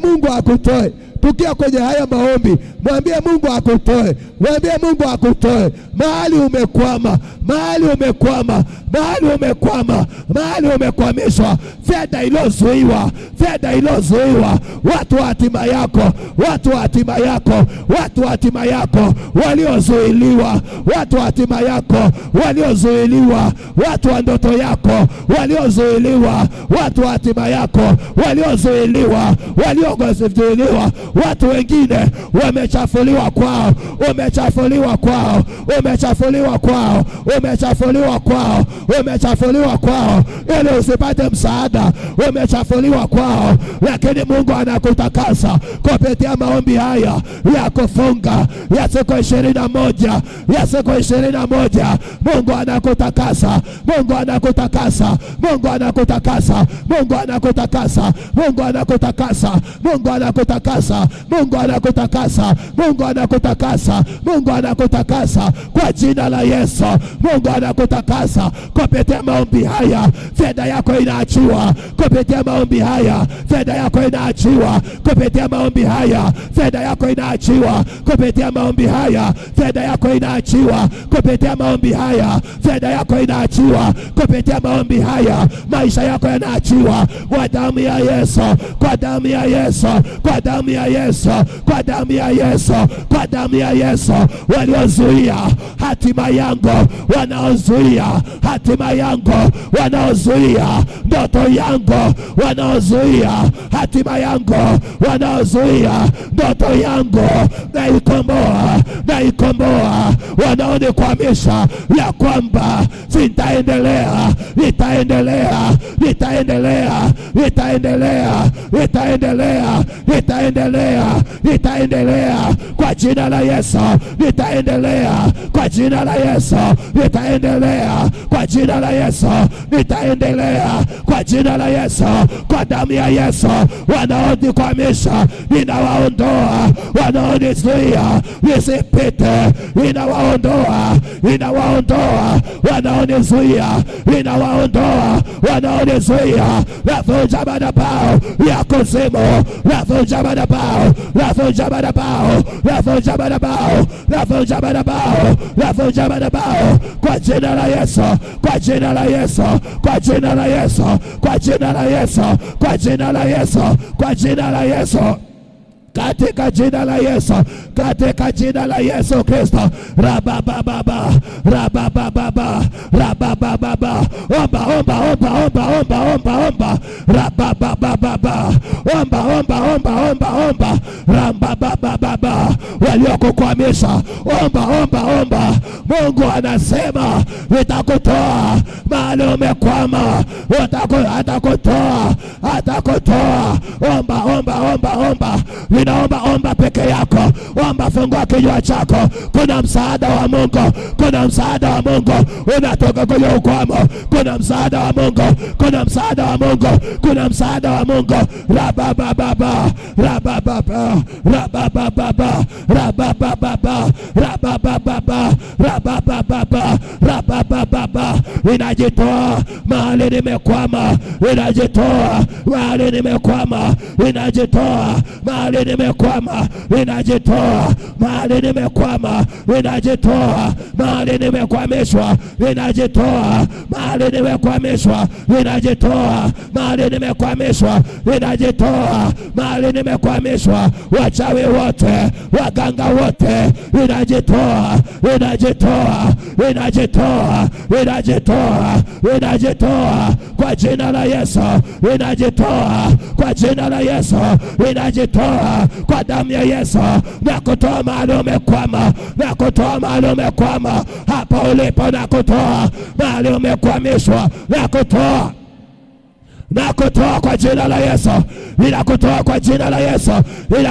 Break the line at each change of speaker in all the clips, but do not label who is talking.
Mungu akutoe. tukia kwenye haya maombi, mwambie Mungu akutoe, mwambie Mungu akutoe mahali umekwama, mahali umekwama, mahali umekwama, mahali umekwamishwa, fedha ilozuiwa fedha ilozuiwa watu wa hatima yako, watu wa hatima yako, watu wa hatima yako waliozuiliwa, watu wa hatima yako waliozuiliwa, watu wa ndoto yako waliozuiliwa, watu wa hatima yako waliozuiliwa, waliozuiliwa watu wengine wamechafuliwa kwao, umechafuliwa kwao, umechafuliwa kwao, umechafuliwa kwao, umechafuliwa kwao, ili usipate msaada, umechafuliwa kwao. Lakini Mungu anakutakasa kupitia maombi haya ya kufunga ya siku ishirini na moja ya siku ishirini na moja Mungu anakutakasa, Mungu anakutakasa, Mungu anakutakasa, Mungu anakutakasa, Mungu anakutakasa, Mungu anakutakasa Mungu anakutakasa, Mungu anakutakasa, Mungu anakutakasa kwa jina la Yesu. Mungu anakutakasa kupitia maombi haya, fedha yako inaachiwa kupitia maombi haya, fedha yako inaachiwa kupitia maombi haya, fedha yako inaachiwa kupitia maombi haya, fedha yako inaachiwa kupitia maombi haya, fedha yako inaachiwa kupitia maombi haya, maisha yako yanaachiwa kwa damu ya Yesu, kwa damu ya Yesu, kwa damu ya Yesu, kwa damu ya Yesu, kwa damu ya Yesu. Waliozuia hatima yangu, wanaozuia hatima yangu, wanaozuia ndoto yangu, wanaozuia hatima yangu, wanaozuia ndoto yangu, naikomboa, naikomboa. Wanaonikwamisha ya kwamba sitaendelea, nitaendelea, nitaendelea, nitaendelea, nitaendelea, nitaendelea endelea, nitaendelea kwa jina la Yesu, nitaendelea kwa jina la Yesu, nitaendelea kwa jina la Yesu, nitaendelea kwa jina la Yesu, kwa damu ya Yesu. Wanaonikwamisha ninawaondoa, wanaonizuia nisipite ninawaondoa, ninawaondoa, wanaonizuia ninawaondoa, wanaonizuia navunja madhabahu ya kuzimu, navunja madhabahu bao, lavunja kwa jina la Yesu, kwa jina la Yesu, kwa jina la Yesu, kwa jina la Yesu, kwa jina la Yesu, kwa jina la Yesu katika jina la Yesu, katika jina la Yesu Kristo. rabababa rabababa rabababa, omba omba omba omba omba omba yaliyoko kwa Omba, omba, omba. Mungu anasema nitakutoa mahali umekwama. Ukifungua kinywa chako, kuna msaada wa Mungu, kuna msaada wa Mungu unatoka kwenye ukwamo, kuna msaada wa Mungu, kuna msaada wa Mungu, kuna msaada wa Mungu. rabababa rabababa rabababa rabababa rabababa inajitoa mahali nimekwama, inajitoa mahali nimekwama, inajitoa mahali nimekwama, inajitoa mahali nimekwama, inajitoa mahali nimekwamishwa, inajitoa mahali nimekwamishwa, inajitoa mahali nimekwamishwa, inajitoa mahali nimekwamishwa, wachawi wote, waganga wote, inajitoa, inajitoa, inajitoa, inajitoa inajitoa, inajitoa kwa jina la Yesu, inajitoa kwa jina la Yesu, inajitoa kwa damu ya Yesu, na kutoa mahali umekwama, na kutoa mahali umekwama, hapa ulipo, na kutoa mahali umekwamishwa, na kutoa na kutoa kwa jina la Yesu, kutoa kwa jina la Yesu,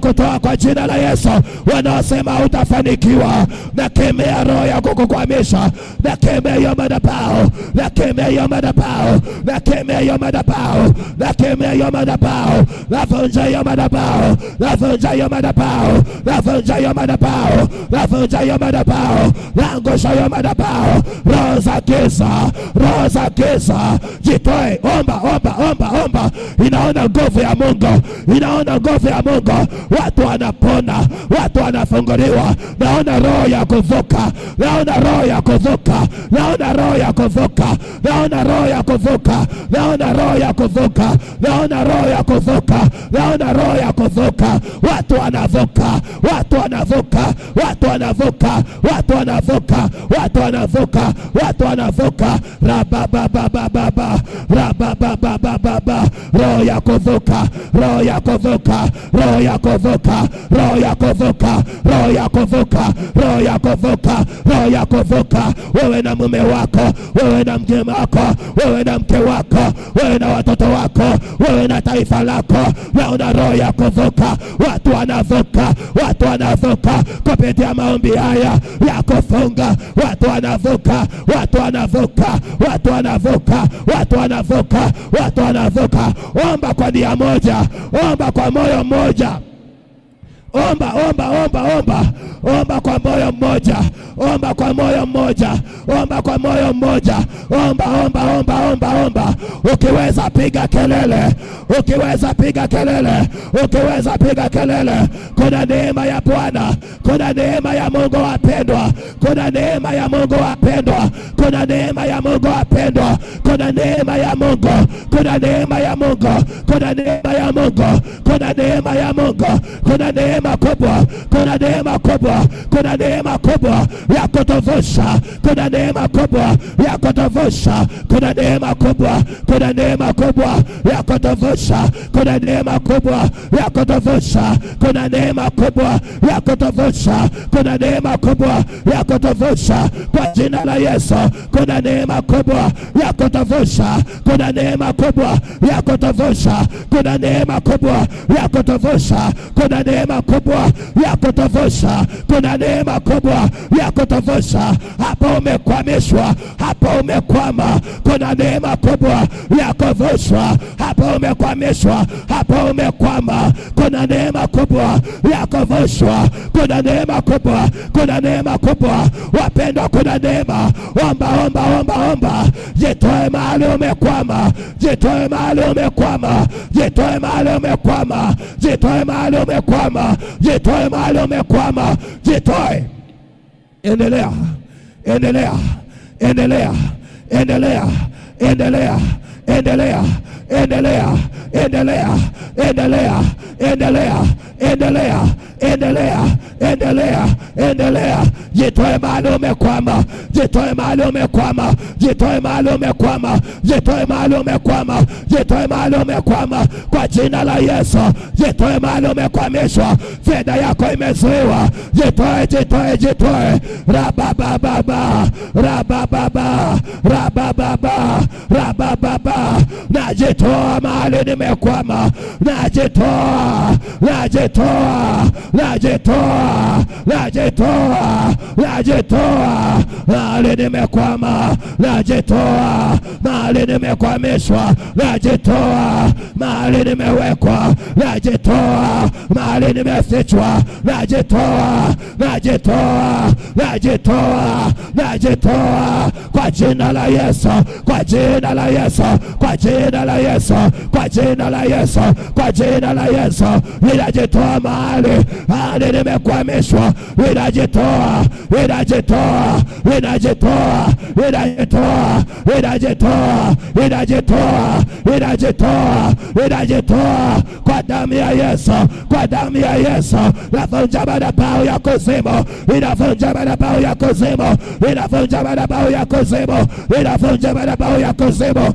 kutoa kwa jina la Yesu. Wanaosema utafanikiwa, na kemea roho ya kukukwamisha, nakemea hiyo madhabahu, nakemea hiyo madhabahu, kemea hiyo madhabahu, nakemea hiyo madhabahu, navunja hiyo madhabahu, navunja hiyo madhabahu, vunja hiyo madhabahu, navunja hiyo madhabahu, naangusha hiyo madhabahu. Roho za giza, roho za giza, jitoe, omba, omba omba omba, inaona nguvu ya Mungu, inaona nguvu ya Mungu. Watu wanapona, watu wanafunguliwa. Naona roho ya kuvuka, naona roho ya kuvuka, naona roho ya kuvuka, naona roho ya kuvuka, naona roho ya kuvuka, naona roho ya kuvuka, naona roho ya kuvuka. Watu wanavuka, watu wanavuka, watu wanavuka, watu wanavuka, watu wanavuka, watu wanavuka, rabababababa rabababa Baba, Baba, roho ya kuvuka, roho ya kuvuka, roho ya kuvuka, roho ya kuvuka, roho ya kuvuka, roho ya kuvuka, roho ya kuvuka, wewe na mume wako, wewe na mke wako, wewe na mke wako, wewe na watoto wako, wewe na taifa lako, naona roho ya kuvuka, watu wanavuka, watu wanavuka kupitia maombi haya ya kufunga, watu wanavuka, watu wanavuka, watu wanavuka, watu wanavuka, watu Bwana avuka. Omba kwa nia moja, omba kwa moyo mmoja. Omba, omba, omba, omba, omba kwa moyo mmoja, omba kwa moyo mmoja, omba kwa moyo mmoja, omba, omba, omba, omba, omba. Ukiweza piga kelele, ukiweza piga kelele, ukiweza piga kelele. Kuna neema ya Bwana, kuna neema ya Mungu wapendwa, kuna neema ya Mungu wapendwa, kuna neema ya Mungu wapendwa, kuna neema ya Mungu, kuna neema ya Mungu, kuna neema ya Mungu, kuna neema ya Mungu, kuna neema neema kubwa, kuna neema kubwa, kuna neema kubwa ya kutuvusha, kuna neema kubwa ya kutuvusha, kuna neema kubwa, kuna neema kubwa ya kutuvusha, kuna neema kubwa ya kutuvusha, kuna neema kubwa ya kutuvusha, kuna neema kubwa ya kutuvusha kwa jina la Yesu, kuna neema kubwa ya kutuvusha, kuna neema kubwa ya kutuvusha, kuna neema kubwa ya kutuvusha, kuna neema kubwa ya kutosha, kuna neema kubwa ya kutosha hapo umekwamishwa, hapo umekwama. Kuna neema kubwa ya kuvushwa, hapo umekwamishwa, hapo umekwama. Kuna neema kubwa ya kuvushwa, kuna neema kubwa, kuna neema kubwa. Wapendwa, kuna neema. Omba, omba, omba, omba, jitoe mahali umekwama, jitoe mahali umekwama, jitoe mahali umekwama, jitoe mahali umekwama, jitoe mahali umekwama, jitoe. Endelea. endelea, endelea, endelea, endelea endelea, endelea, endelea, endelea, endelea, endelea, endelea, endelea, endelea. Jitoe mahali umekwama, jitoe mahali umekwama, jitoe mahali umekwama, jitoe mahali umekwama, jitoe mahali umekwama kwa jina la Yesu. Jitoe mahali umekwamishwa, fedha yako imezuiwa. Jitoe, jitoe, jitoe. rabababa rabababa rabababa rabababa najitoa mahali nimekwama, najitoa, najitoa, najitoa, najitoa, najitoa mahali nimekwama, najitoa mahali nimekwamishwa, najitoa mahali nimewekwa, najitoa mahali nimefichwa, najitoa, najitoa, najitoa, najitoa kwa jina la Yesu, kwa jina la Yesu kwa jina la Yesu, kwa jina la Yesu, kwa jina la Yesu. Ninajitoa mahali hadi nimekwamishwa, ninajitoa, ninajitoa, ninajitoa, ninajitoa, ninajitoa, ninajitoa, ninajitoa, ninajitoa kwa damu ya Yesu, kwa damu ya Yesu. Navunja madhabahu ya kuzimu, ninavunja madhabahu ya kuzimu, ninavunja madhabahu ya kuzimu, ninavunja madhabahu ya kuzimu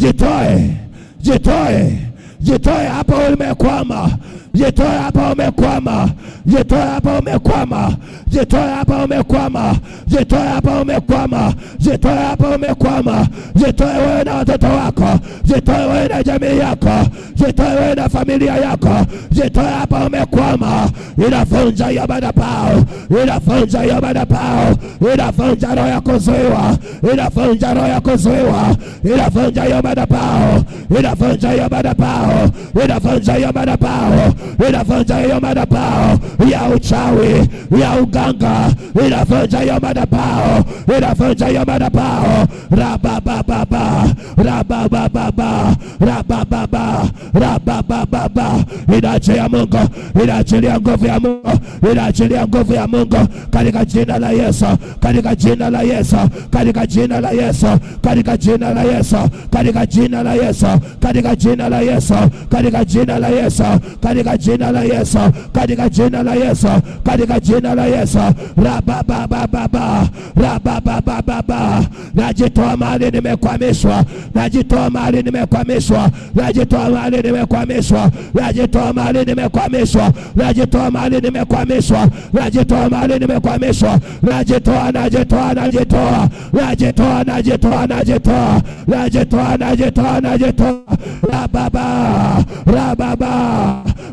Jitoe, jitoe, jitoe hapo umekwama, jitoe hapa umekwama, jitoe hapo umekwama. Jitoe hapa umekwama, jitoe hapa umekwama, jitoe hapa umekwama. Jitoe wewe na watoto wako, jitoe wewe na jamii yako, jitoe wewe na familia yako. Jitoe hapa umekwama. Inafunja hiyo madhabahu, inafunja hiyo madhabahu, inafunja roho ya kuzuiwa, inafunja roho ya kuzuiwa, inafunja hiyo madhabahu, inafunja hiyo madhabahu, inafunja hiyo madhabahu, inafunja hiyo madhabahu ya uchawi ya anga inavunja hiyo madhabahu, inavunja hiyo madhabahu rabababa rabababa rabababa rabababa, inaachilia Mungu, inaachilia nguvu ya Mungu, inaachilia nguvu ya Mungu katika jina la Yesu, katika jina la Yesu, katika jina la Yesu, katika jina la Yesu, katika jina la Yesu, katika jina la Yesu, katika jina la Yesu, katika jina la Yesu, katika jina la Yesu, katika jina la Yesu, rabababa rabababa, najitoa mahali nimekwamishwa najitoa mahali nimekwamishwa, najitoa mahali nimekwamishwa, najitoa mahali nimekwamishwa, najitoa mahali nimekwamishwa, najitoa mahali nimekwamishwa, najitoa, najitoa, najitoa, najitoa, najitoa, najitoa, najitoa, najitoa, najitoa, la baba,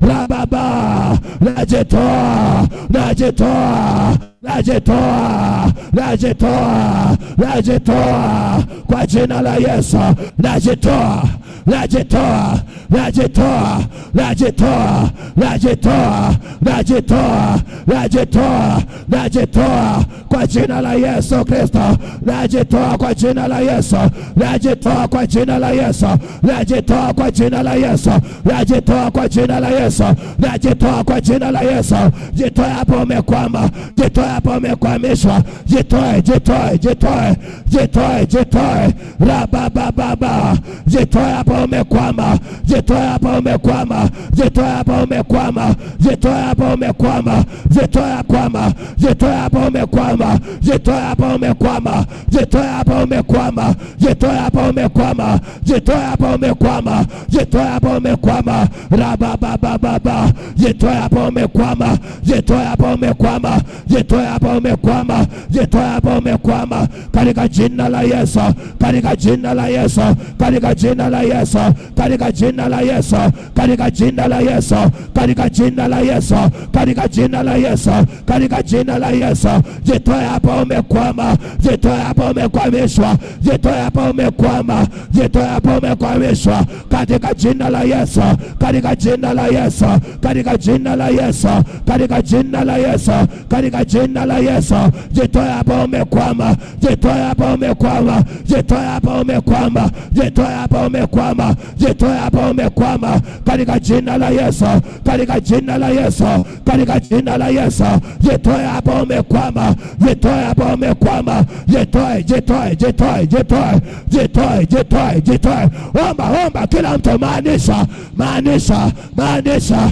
la baba, najitoa, najitoa najitoa, najitoa, najitoa kwa jina la Yesu, najitoa najitoa, najitoa, najitoa, najitoa, najitoa, najitoa, najitoa kwa jina la Yesu Kristo, najitoa kwa jina la Yesu, najitoa kwa jina la Yesu, najitoa kwa jina la Yesu, najitoa kwa jina la Yesu, najitoa kwa jina la Yesu. Jitoe hapo umekwama, jitoe hapo umekwamishwa, jitoe, jitoe, jitoe, jitoe, jitoe, rabababa, jitoe hapo hapa umekwama, jitoe hapa umekwama, jitoe hapa umekwama, jitoe hapa umekwama, jitoe hapa, jitoe hapa umekwama, jitoe hapa umekwama, jitoe hapa umekwama, jitoe hapa umekwama, jitoe hapa umekwama, jitoe hapa umekwama, raba ba ba, jitoe hapa umekwama, jitoe hapa umekwama, jitoe hapa umekwama, jitoe hapa umekwama, katika jina la Yesu, katika jina la Yesu, katika jina la Yesu. Yesu, katika jina la Yesu, katika jina la Yesu, katika jina la Yesu, katika jina la Yesu, katika jina la Yesu. Jitoe hapa, umekwama. Jitoe hapa, umekwamishwa. Jitoe hapa, umekwama. Jitoe hapa, umekwamishwa, katika jina la Yesu, katika jina la Yesu, katika jina la Yesu, katika jina la Yesu, katika jina la Yesu. Jitoe hapa, umekwama. Jitoe hapa, umekwama. Jitoe hapa, umekwama. Jitoe hapa, umekwama umekwama, jitoe hapa, umekwama katika jina la Yesu, katika jina la Yesu, katika jina la Yesu, jitoe hapa, umekwama, jitoe hapa, umekwama, jitoe, jitoe, jitoe, jitoe, jitoe, jitoe, jitoe. Omba, omba, kila mtu maanisha, maanisha, maanisha